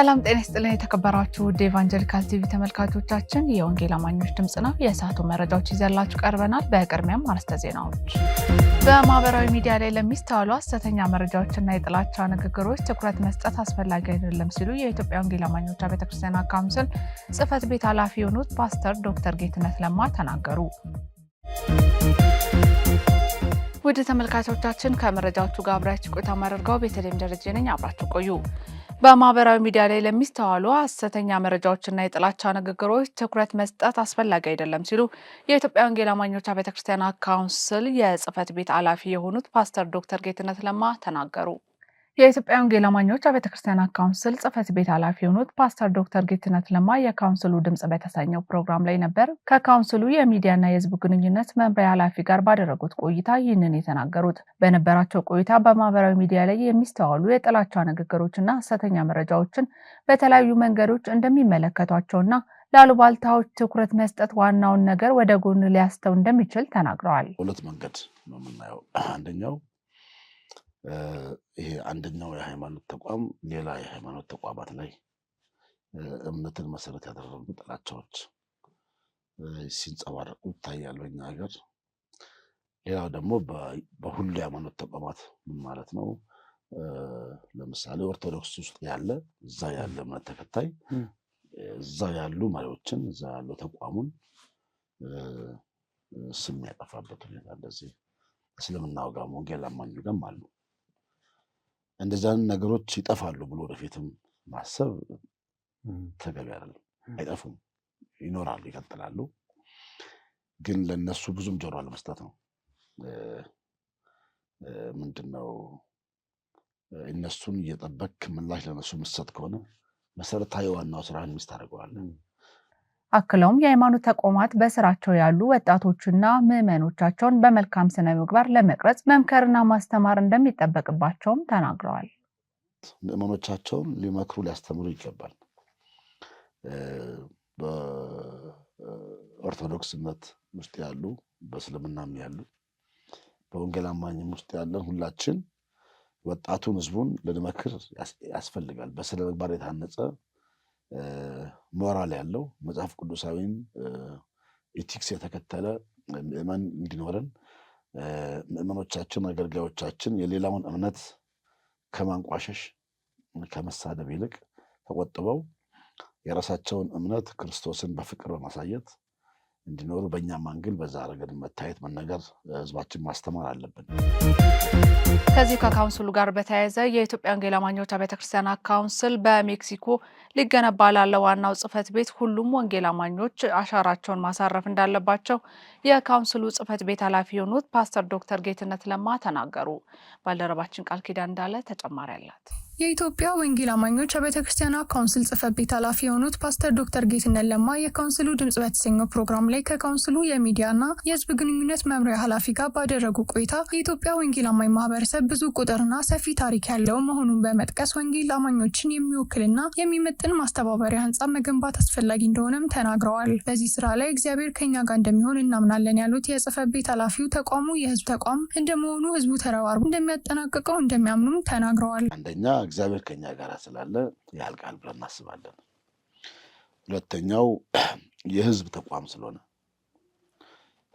ሰላም ጤና ይስጥልን። የተከበራችሁ ውድ ኤቫንጀሊካል ቲቪ ተመልካቾቻችን የወንጌል አማኞች ድምፅ ነው። የእሳቱ መረጃዎች ይዘላችሁ ቀርበናል። በቅድሚያም አርዕስተ ዜናዎች። በማህበራዊ ሚዲያ ላይ ለሚስተዋሉ ሐሰተኛ መረጃዎችና የጥላቻ ንግግሮች ትኩረት መስጠት አስፈላጊ አይደለም ሲሉ የኢትዮጵያ ወንጌል አማኞች ቤተክርስቲያን ካውንስል ጽህፈት ቤት ኃላፊ የሆኑት ፓስተር ዶክተር ጌትነት ለማ ተናገሩ። ውድ ተመልካቾቻችን ከመረጃዎቹ ጋር አብራችሁ ቆይታ ማደርገው ቤተልሔም ደረጀ ነኝ። አብራችሁ ቆዩ። በማህበራዊ ሚዲያ ላይ ለሚስተዋሉ ሐሰተኛ መረጃዎችና የጥላቻ ንግግሮች ትኩረት መስጠት አስፈላጊ አይደለም ሲሉ የኢትዮጵያ ወንጌል አማኞች ቤተክርስቲያን ካውንስል የጽህፈት ቤት ኃላፊ የሆኑት ፓስተር ዶክተር ጌትነት ለማ ተናገሩ። የኢትዮጵያ ወንጌል አማኞች አብያተ ክርስቲያናት ካውንስል ጽሕፈት ቤት ኃላፊ የሆኑት ፓስተር ዶክተር ጌትነት ለማ የካውንስሉ ድምፅ በተሰኘው ፕሮግራም ላይ ነበር ከካውንስሉ የሚዲያና የህዝብ ግንኙነት መምሪያ ኃላፊ ጋር ባደረጉት ቆይታ ይህንን የተናገሩት። በነበራቸው ቆይታ በማህበራዊ ሚዲያ ላይ የሚስተዋሉ የጥላቻ ንግግሮችና ሐሰተኛ መረጃዎችን በተለያዩ መንገዶች እንደሚመለከቷቸውና ለአሉባልታዎች ትኩረት መስጠት ዋናውን ነገር ወደ ጎን ሊያስተው እንደሚችል ተናግረዋል። ሁለት መንገድ ነው የምናየው። አንደኛው ይሄ አንደኛው የሃይማኖት ተቋም ሌላ የሃይማኖት ተቋማት ላይ እምነትን መሰረት ያደረጉ ጥላቻዎች ሲንጸባረቁ ይታያል በኛ ሀገር። ሌላው ደግሞ በሁሉ የሃይማኖት ተቋማት ምን ማለት ነው? ለምሳሌ ኦርቶዶክስ ውስጥ ያለ እዛ ያለ እምነት ተከታይ እዛ ያሉ መሪዎችን እዛ ያለው ተቋሙን ስም ያጠፋበት ሁኔታ እንደዚህ እስልምና ጋር ወንጌል አማኙ ጋርም አሉ። እንደዛን ነገሮች ይጠፋሉ ብሎ ወደፊትም ማሰብ ተገቢ አይደለም። አይጠፉም፣ ይኖራሉ፣ ይቀጥላሉ። ግን ለነሱ ብዙም ጆሮ አለመስጠት ነው። ምንድነው እነሱን እየጠበክ ምላሽ ለነሱ ምሰት ከሆነ መሰረታዊ ዋናው ስራህን ሚስት ታደርገዋለህ። አክለውም የሃይማኖት ተቋማት በስራቸው ያሉ ወጣቶችና ምዕመኖቻቸውን በመልካም ስነ ምግባር ለመቅረጽ መምከርና ማስተማር እንደሚጠበቅባቸውም ተናግረዋል። ምዕመኖቻቸውን ሊመክሩ ሊያስተምሩ ይገባል። በኦርቶዶክስ እምነት ውስጥ ያሉ፣ በእስልምናም ያሉ፣ በወንጌል አማኝም ውስጥ ያለን ሁላችን ወጣቱን ህዝቡን ልንመክር ያስፈልጋል። በስነ ምግባር የታነጸ ሞራል ያለው መጽሐፍ ቅዱሳዊም ኢቲክስ የተከተለ ምእመን እንዲኖረን ምእመኖቻችን አገልጋዮቻችን የሌላውን እምነት ከማንቋሸሽ ከመሳደብ ይልቅ ተቆጥበው የራሳቸውን እምነት ክርስቶስን በፍቅር በማሳየት እንዲኖሩ በእኛም አንግል በዛ ረገድ መታየት መነገር ህዝባችን ማስተማር አለብን። ከዚህ ከካውንስሉ ጋር በተያያዘ የኢትዮጵያ ወንጌል አማኞች ቤተክርስቲያን ካውንስል በሜክሲኮ ሊገነባ ላለ ዋናው ጽህፈት ቤት ሁሉም ወንጌል አማኞች አሻራቸውን ማሳረፍ እንዳለባቸው የካውንስሉ ጽህፈት ቤት ኃላፊ የሆኑት ፓስተር ዶክተር ጌትነት ለማ ተናገሩ። ባልደረባችን ቃል ኪዳን እንዳለ ተጨማሪ አላት። የኢትዮጵያ ወንጌል አማኞች አብያተ ክርስቲያናት ካውንስል ጽሕፈት ቤት ኃላፊ የሆኑት ፓስተር ዶክተር ጌትነት ለማ የካውንስሉ ድምጽ በተሰኘው ፕሮግራም ላይ ከካውንስሉ የሚዲያና የህዝብ ግንኙነት መምሪያ ኃላፊ ጋር ባደረጉ ቆይታ የኢትዮጵያ ወንጌል አማኝ ማህበረሰብ ብዙ ቁጥርና ሰፊ ታሪክ ያለው መሆኑን በመጥቀስ ወንጌል አማኞችን የሚወክልና የሚመጥን ማስተባበሪያ ህንጻ መገንባት አስፈላጊ እንደሆነም ተናግረዋል። በዚህ ስራ ላይ እግዚአብሔር ከኛ ጋር እንደሚሆን እናምናለን ያሉት የጽሕፈት ቤት ኃላፊው ተቋሙ የህዝብ ተቋም እንደመሆኑ ህዝቡ ተረባርቦ እንደሚያጠናቅቀው እንደሚያምኑም ተናግረዋል። አንደኛ እግዚአብሔር ከኛ ጋር ስላለ ያልቃል ብለን እናስባለን። ሁለተኛው የህዝብ ተቋም ስለሆነ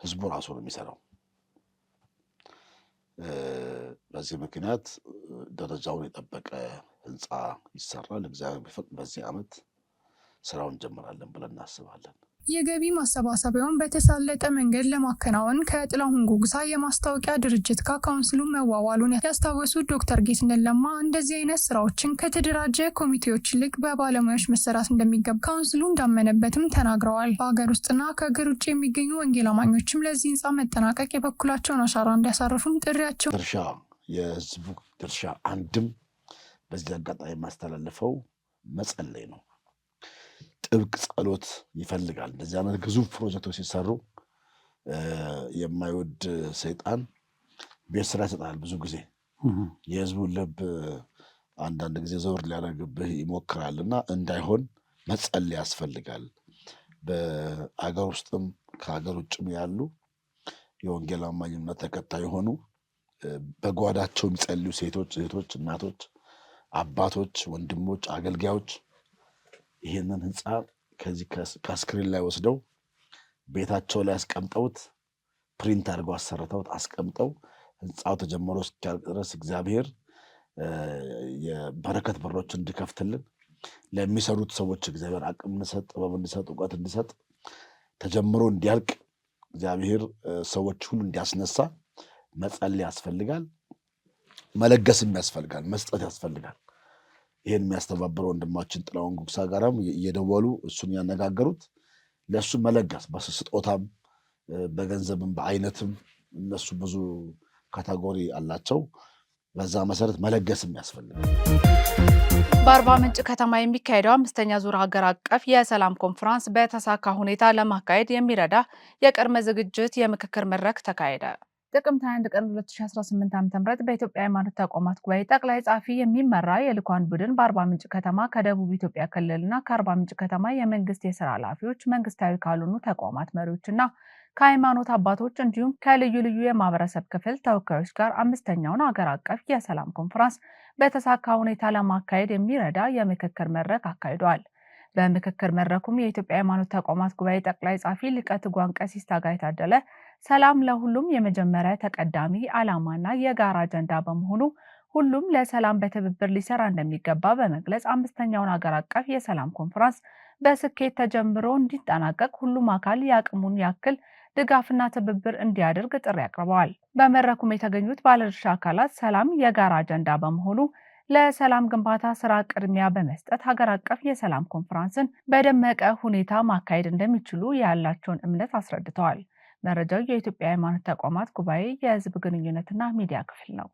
ህዝቡ ራሱ ነው የሚሰራው። በዚህ ምክንያት ደረጃውን የጠበቀ ህንፃ ይሰራል። እግዚአብሔር ቢፈቅድ በዚህ ዓመት ስራውን እንጀምራለን ብለን እናስባለን። የገቢ ማሰባሰቢያውን በተሳለጠ መንገድ ለማከናወን ከጥላሁን ጉግሳ የማስታወቂያ ድርጅት ጋር ካውንስሉ መዋዋሉን ያስታወሱት ዶክተር ጌትነት ለማ እንደዚህ አይነት ስራዎችን ከተደራጀ ኮሚቴዎች ይልቅ በባለሙያዎች መሰራት እንደሚገባ ካውንስሉ እንዳመነበትም ተናግረዋል። በሀገር ውስጥና ከሀገር ውጭ የሚገኙ ወንጌል አማኞችም ለዚህ ህንፃ መጠናቀቅ የበኩላቸውን አሻራ እንዲያሳርፉም ጥሪያቸው ድርሻ የህዝቡ ድርሻ አንድም በዚህ አጋጣሚ የማስተላለፈው መጸለይ ነው። ጥብቅ ጸሎት ይፈልጋል። እንደዚህ አይነት ግዙፍ ፕሮጀክቶች ሲሰሩ የማይወድ ሰይጣን ቤት ስራ ይሰጣል። ብዙ ጊዜ የህዝቡን ልብ አንዳንድ ጊዜ ዘውር ሊያደርግብህ ይሞክራል እና እንዳይሆን መጸለይ ያስፈልጋል። በአገር ውስጥም ከሀገር ውጭም ያሉ የወንጌል አማኝነት ተከታይ የሆኑ በጓዳቸው የሚጸልዩ ሴቶች፣ እህቶች፣ እናቶች፣ አባቶች፣ ወንድሞች፣ አገልጋዮች ይህንን ህንፃ ከዚህ ከስክሪን ላይ ወስደው ቤታቸው ላይ አስቀምጠውት ፕሪንት አድርገው አሰርተውት አስቀምጠው ህንፃው ተጀምሮ እስኪያልቅ ድረስ እግዚአብሔር የበረከት በሮች እንዲከፍትልን ለሚሰሩት ሰዎች እግዚአብሔር አቅም እንዲሰጥ፣ ጥበብ እንዲሰጥ፣ እውቀት እንዲሰጥ ተጀምሮ እንዲያልቅ እግዚአብሔር ሰዎች ሁሉ እንዲያስነሳ መጸለይ ያስፈልጋል። መለገስም ያስፈልጋል። መስጠት ያስፈልጋል። ይህን የሚያስተባብረው ወንድማችን ጥላውን ጉግሳ ጋርም እየደወሉ እሱን ያነጋገሩት ለእሱ መለገስ በስጦታም በገንዘብም በአይነትም እነሱ ብዙ ካታጎሪ አላቸው። በዛ መሰረት መለገስም ያስፈልጋል። በአርባ ምንጭ ከተማ የሚካሄደው አምስተኛ ዙር ሀገር አቀፍ የሰላም ኮንፈረንስ በተሳካ ሁኔታ ለማካሄድ የሚረዳ የቅድመ ዝግጅት የምክክር መድረክ ተካሄደ። ጥቅምት 1 ቀን 2018 ዓ.ም በኢትዮጵያ ሃይማኖት ተቋማት ጉባኤ ጠቅላይ ጻፊ የሚመራ የልኳን ቡድን በአርባ ምንጭ ከተማ ከደቡብ ኢትዮጵያ ክልልና ከአርባ ምንጭ ከተማ የመንግስት የስራ ኃላፊዎች፣ መንግስታዊ ካልሆኑ ተቋማት መሪዎችና ከሃይማኖት አባቶች እንዲሁም ከልዩ ልዩ የማህበረሰብ ክፍል ተወካዮች ጋር አምስተኛውን አገር አቀፍ የሰላም ኮንፈረንስ በተሳካ ሁኔታ ለማካሄድ የሚረዳ የምክክር መድረክ አካሂደዋል። በምክክር መድረኩም የኢትዮጵያ ሃይማኖት ተቋማት ጉባኤ ጠቅላይ ጻፊ ሊቀ ትጉሃን ቀሲስ ታጋይ ታደለ ሰላም ለሁሉም የመጀመሪያ ተቀዳሚ ዓላማና የጋራ አጀንዳ በመሆኑ ሁሉም ለሰላም በትብብር ሊሰራ እንደሚገባ በመግለጽ አምስተኛውን ሀገር አቀፍ የሰላም ኮንፈረንስ በስኬት ተጀምሮ እንዲጠናቀቅ ሁሉም አካል የአቅሙን ያክል ድጋፍና ትብብር እንዲያደርግ ጥሪ አቅርበዋል። በመድረኩም የተገኙት ባለድርሻ አካላት ሰላም የጋራ አጀንዳ በመሆኑ ለሰላም ግንባታ ስራ ቅድሚያ በመስጠት ሀገር አቀፍ የሰላም ኮንፈረንስን በደመቀ ሁኔታ ማካሄድ እንደሚችሉ ያላቸውን እምነት አስረድተዋል። መረጃው የኢትዮጵያ ሃይማኖት ተቋማት ጉባኤ የህዝብ ግንኙነትና ሚዲያ ክፍል ነው።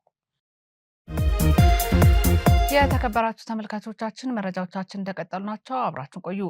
የተከበራችሁ ተመልካቾቻችን መረጃዎቻችን እንደቀጠሉ ናቸው። አብራችን ቆዩ።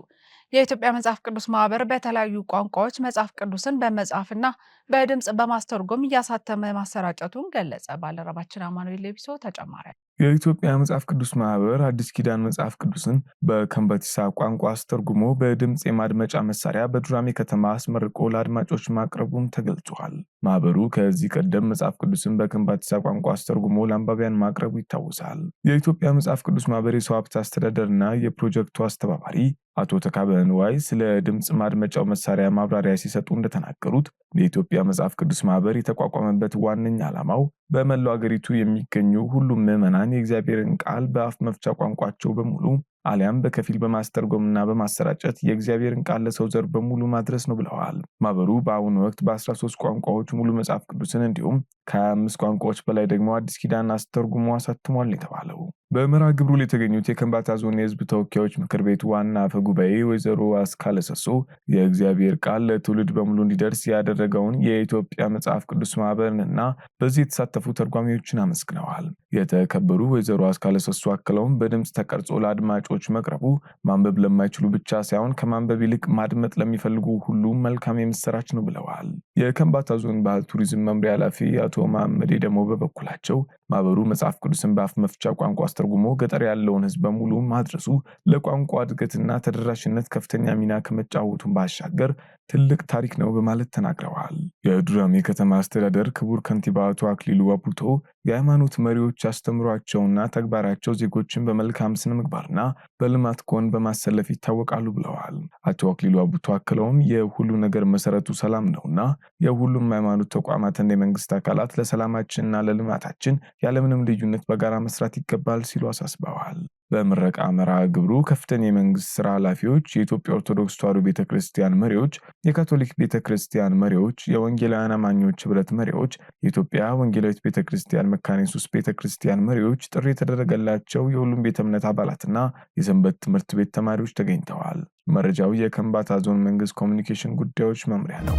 የኢትዮጵያ መጽሐፍ ቅዱስ ማህበር በተለያዩ ቋንቋዎች መጽሐፍ ቅዱስን በመጻፍና በድምፅ በማስተርጎም እያሳተመ ማሰራጨቱን ገለጸ። ባልደረባችን አማኑኤል ሌቢሶ ተጨማሪያል። የኢትዮጵያ መጽሐፍ ቅዱስ ማህበር አዲስ ኪዳን መጽሐፍ ቅዱስን በከንበቲሳ ቋንቋ አስተርጉሞ በድምፅ የማድመጫ መሳሪያ በዱራሜ ከተማ አስመርቆ ለአድማጮች ማቅረቡም ተገልጿል። ማህበሩ ከዚህ ቀደም መጽሐፍ ቅዱስን በከንበቲሳ ቋንቋ አስተርጉሞ ለአንባቢያን ማቅረቡ ይታወሳል። የኢትዮጵያ መጽሐፍ ቅዱስ ማህበር የሰው ሀብት አስተዳደርና የፕሮጀክቱ አስተባባሪ አቶ ተካበ ንዋይ ስለ ድምፅ ማድመጫው መሳሪያ ማብራሪያ ሲሰጡ እንደተናገሩት የኢትዮጵያ መጽሐፍ ቅዱስ ማህበር የተቋቋመበት ዋነኛ ዓላማው በመላው አገሪቱ የሚገኙ ሁሉም ምዕመናን የእግዚአብሔርን ቃል በአፍ መፍቻ ቋንቋቸው በሙሉ አሊያም በከፊል በማስተርጎምና በማሰራጨት የእግዚአብሔርን ቃል ለሰው ዘር በሙሉ ማድረስ ነው ብለዋል። ማህበሩ በአሁኑ ወቅት በ13 ቋንቋዎች ሙሉ መጽሐፍ ቅዱስን እንዲሁም ከ25 ቋንቋዎች በላይ ደግሞ አዲስ ኪዳን አስተርጉሞ አሳትሟል የተባለው በምዕራ ግብሩ ላይ የተገኙት የከንባታ ዞን የህዝብ ተወካዮች ምክር ቤት ዋና አፈ ጉባኤ ወይዘሮ አስካለሰሶ የእግዚአብሔር ቃል ለትውልድ በሙሉ እንዲደርስ ያደረገውን የኢትዮጵያ መጽሐፍ ቅዱስ ማህበርንና በዚህ የተሳተፉ ተርጓሚዎችን አመስግነዋል። የተከበሩ ወይዘሮ አስካለሰሶ አክለውም በድምፅ ተቀርጾ ለአድማጮ ለጋዜጦች መቅረቡ ማንበብ ለማይችሉ ብቻ ሳይሆን ከማንበብ ይልቅ ማድመጥ ለሚፈልጉ ሁሉ መልካም የምስራች ነው ብለዋል። የከምባታ ዞን ባህል ቱሪዝም መምሪያ ኃላፊ አቶ መሐመድ ደግሞ በበኩላቸው ማህበሩ መጽሐፍ ቅዱስን በአፍ መፍቻ ቋንቋ አስተርጉሞ ገጠር ያለውን ህዝብ በሙሉ ማድረሱ ለቋንቋ እድገትና ተደራሽነት ከፍተኛ ሚና ከመጫወቱን ባሻገር ትልቅ ታሪክ ነው በማለት ተናግረዋል። የዱራሜ ከተማ አስተዳደር ክቡር ከንቲባ አቶ አክሊሉ አቡቶ የሃይማኖት መሪዎች አስተምሯቸውና ተግባራቸው ዜጎችን በመልካም ስነ ምግባርና በልማት ጎን በማሰለፍ ይታወቃሉ ብለዋል። አቶ አክሊሉ አቡቶ አክለውም የሁሉ ነገር መሰረቱ ሰላም ነውና የሁሉም ሃይማኖት ተቋማትና የመንግስት አካላት ለሰላማችንና ለልማታችን ያለምንም ልዩነት በጋራ መስራት ይገባል ሲሉ አሳስበዋል። በምረቃ መርሃ ግብሩ ከፍተኛ የመንግስት ስራ ኃላፊዎች፣ የኢትዮጵያ ኦርቶዶክስ ተዋሕዶ ቤተ ክርስቲያን መሪዎች፣ የካቶሊክ ቤተ ክርስቲያን መሪዎች፣ የወንጌላውያን አማኞች ህብረት መሪዎች፣ የኢትዮጵያ ወንጌላዊት ቤተ ክርስቲያን መካነ ኢየሱስ ቤተ ክርስቲያን መሪዎች፣ ጥሪ የተደረገላቸው የሁሉም ቤተ እምነት አባላትና የሰንበት ትምህርት ቤት ተማሪዎች ተገኝተዋል። መረጃው የከምባታ ዞን መንግስት ኮሚኒኬሽን ጉዳዮች መምሪያ ነው።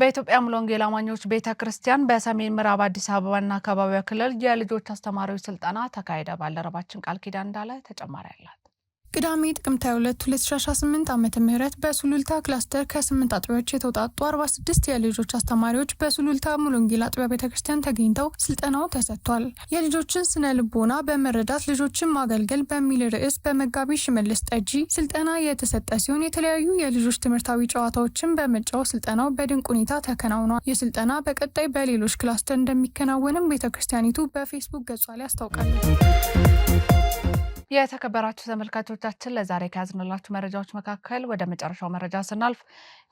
በኢትዮጵያ ሙሉ ወንጌል አማኞች ቤተ ክርስቲያን በሰሜን ምዕራብ አዲስ አበባና አካባቢዋ ክልል የልጆች አስተማሪዎች ስልጠና ተካሄደ። ባልደረባችን ቃል ኪዳን እንዳለ ተጨማሪ አላት። ቅዳሜ ጥቅምት 22 2018 ዓመተ ምህረት በሱሉልታ ክላስተር ከ ከ8 አጥቢያዎች የተውጣጡ 46 የልጆች አስተማሪዎች በሱሉልታ ሙሉንጌል አጥቢያ ቤተክርስቲያን ተገኝተው ስልጠናው ተሰጥቷል። የልጆችን ስነ ልቦና በመረዳት ልጆችን ማገልገል በሚል ርዕስ በመጋቢ ሽመልስ ጠጂ ስልጠና የተሰጠ ሲሆን የተለያዩ የልጆች ትምህርታዊ ጨዋታዎችን በመጫወት ስልጠናው በድንቅ ሁኔታ ተከናውኗል። ይህ ስልጠና በቀጣይ በሌሎች ክላስተር እንደሚከናወንም ቤተክርስቲያኒቱ በፌስቡክ ገጿ ላይ አስታውቃለች። የተከበራችሁ ተመልካቾቻችን ለዛሬ ከያዝንላችሁ መረጃዎች መካከል ወደ መጨረሻው መረጃ ስናልፍ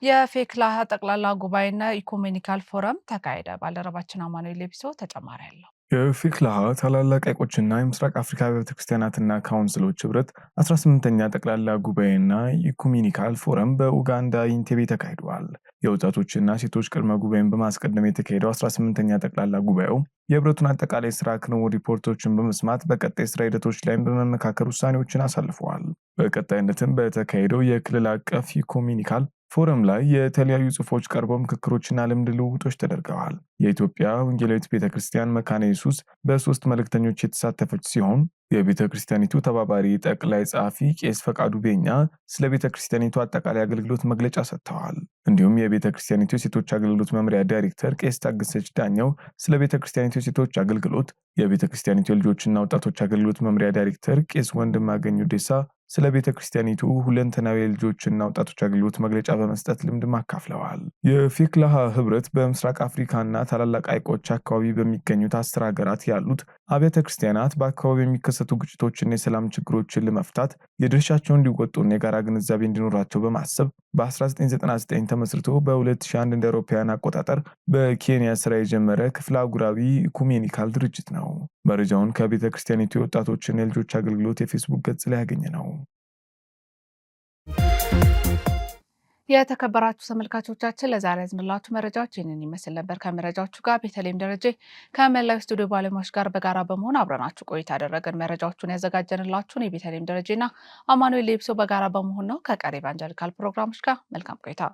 የፌክላ ጠቅላላ ጉባኤና ኢኮሜኒካል ፎረም ተካሄደ። ባልደረባችን አማኑኤል ሌቢሶ ተጨማሪ አለው። የፊክላሃ ታላላቅ ሐይቆችና የምስራቅ አፍሪካ ቤተክርስቲያናትና ካውንስሎች ህብረት 18ኛ ጠቅላላ ጉባኤና ኢኩሚኒካል ፎረም በኡጋንዳ ኢንቴቤ ተካሂደዋል። የወጣቶችና ሴቶች ቅድመ ጉባኤን በማስቀደም የተካሄደው 18ኛ ጠቅላላ ጉባኤው የህብረቱን አጠቃላይ ስራ ክንውን ሪፖርቶችን በመስማት በቀጣይ ስራ ሂደቶች ላይም በመመካከር ውሳኔዎችን አሳልፈዋል። በቀጣይነትም በተካሄደው የክልል አቀፍ ኢኮሚኒካል ፎረም ላይ የተለያዩ ጽሑፎች ቀርበው ምክክሮችና ልምድ ልውውጦች ተደርገዋል። የኢትዮጵያ ወንጌላዊት ቤተ ክርስቲያን መካነ ኢየሱስ በሶስት መልእክተኞች የተሳተፈች ሲሆን የቤተ ክርስቲያኒቱ ተባባሪ ጠቅላይ ጸሐፊ ቄስ ፈቃዱ ቤኛ ስለ ቤተ ክርስቲያኒቱ አጠቃላይ አገልግሎት መግለጫ ሰጥተዋል። እንዲሁም የቤተ ክርስቲያኒቱ የሴቶች አገልግሎት መምሪያ ዳይሬክተር ቄስ ታገሰች ዳኛው ስለ ቤተ ክርስቲያኒቱ የሴቶች አገልግሎት፣ የቤተ ክርስቲያኒቱ የልጆችና ወጣቶች አገልግሎት መምሪያ ዳይሬክተር ቄስ ወንድማገኙ ዴሳ ስለ ቤተ ክርስቲያኒቱ ሁለንተናዊ የልጆችና ወጣቶች አገልግሎት መግለጫ በመስጠት ልምድም አካፍለዋል። የፊክላሃ ህብረት በምስራቅ አፍሪካና ታላላቅ ሐይቆች አካባቢ በሚገኙት አስር ሀገራት ያሉት አብያተ ክርስቲያናት በአካባቢ የሚከሰቱ ግጭቶችና የሰላም ችግሮችን ለመፍታት የድርሻቸውን እንዲወጡና የጋራ ግንዛቤ እንዲኖራቸው በማሰብ በ1999 ተመስርቶ በ2001 እንደ አውሮፓውያን አቆጣጠር በኬንያ ስራ የጀመረ ክፍለ አህጉራዊ ኢኩሜኒካል ድርጅት ነው። መረጃውን ከቤተ ክርስቲያኒቱ የወጣቶችና የልጆች አገልግሎት የፌስቡክ ገጽ ላይ ያገኘ ነው። የተከበራችሁ ተመልካቾቻችን ለዛሬ ያዝንላችሁ መረጃዎች ይህንን ይመስል ነበር። ከመረጃዎቹ ጋር በተለይም ደረጀ ከመላው ስቱዲዮ ባለሙያዎች ጋር በጋራ በመሆን አብረናችሁ ቆይታ ያደረገን መረጃዎቹን ያዘጋጀንላችሁን የቤተልሔም ደረጀና አማኑኤል ሌብሶ በጋራ በመሆን ነው። ከቀሪ ኢቫንጀሊካል ፕሮግራሞች ጋር መልካም ቆይታ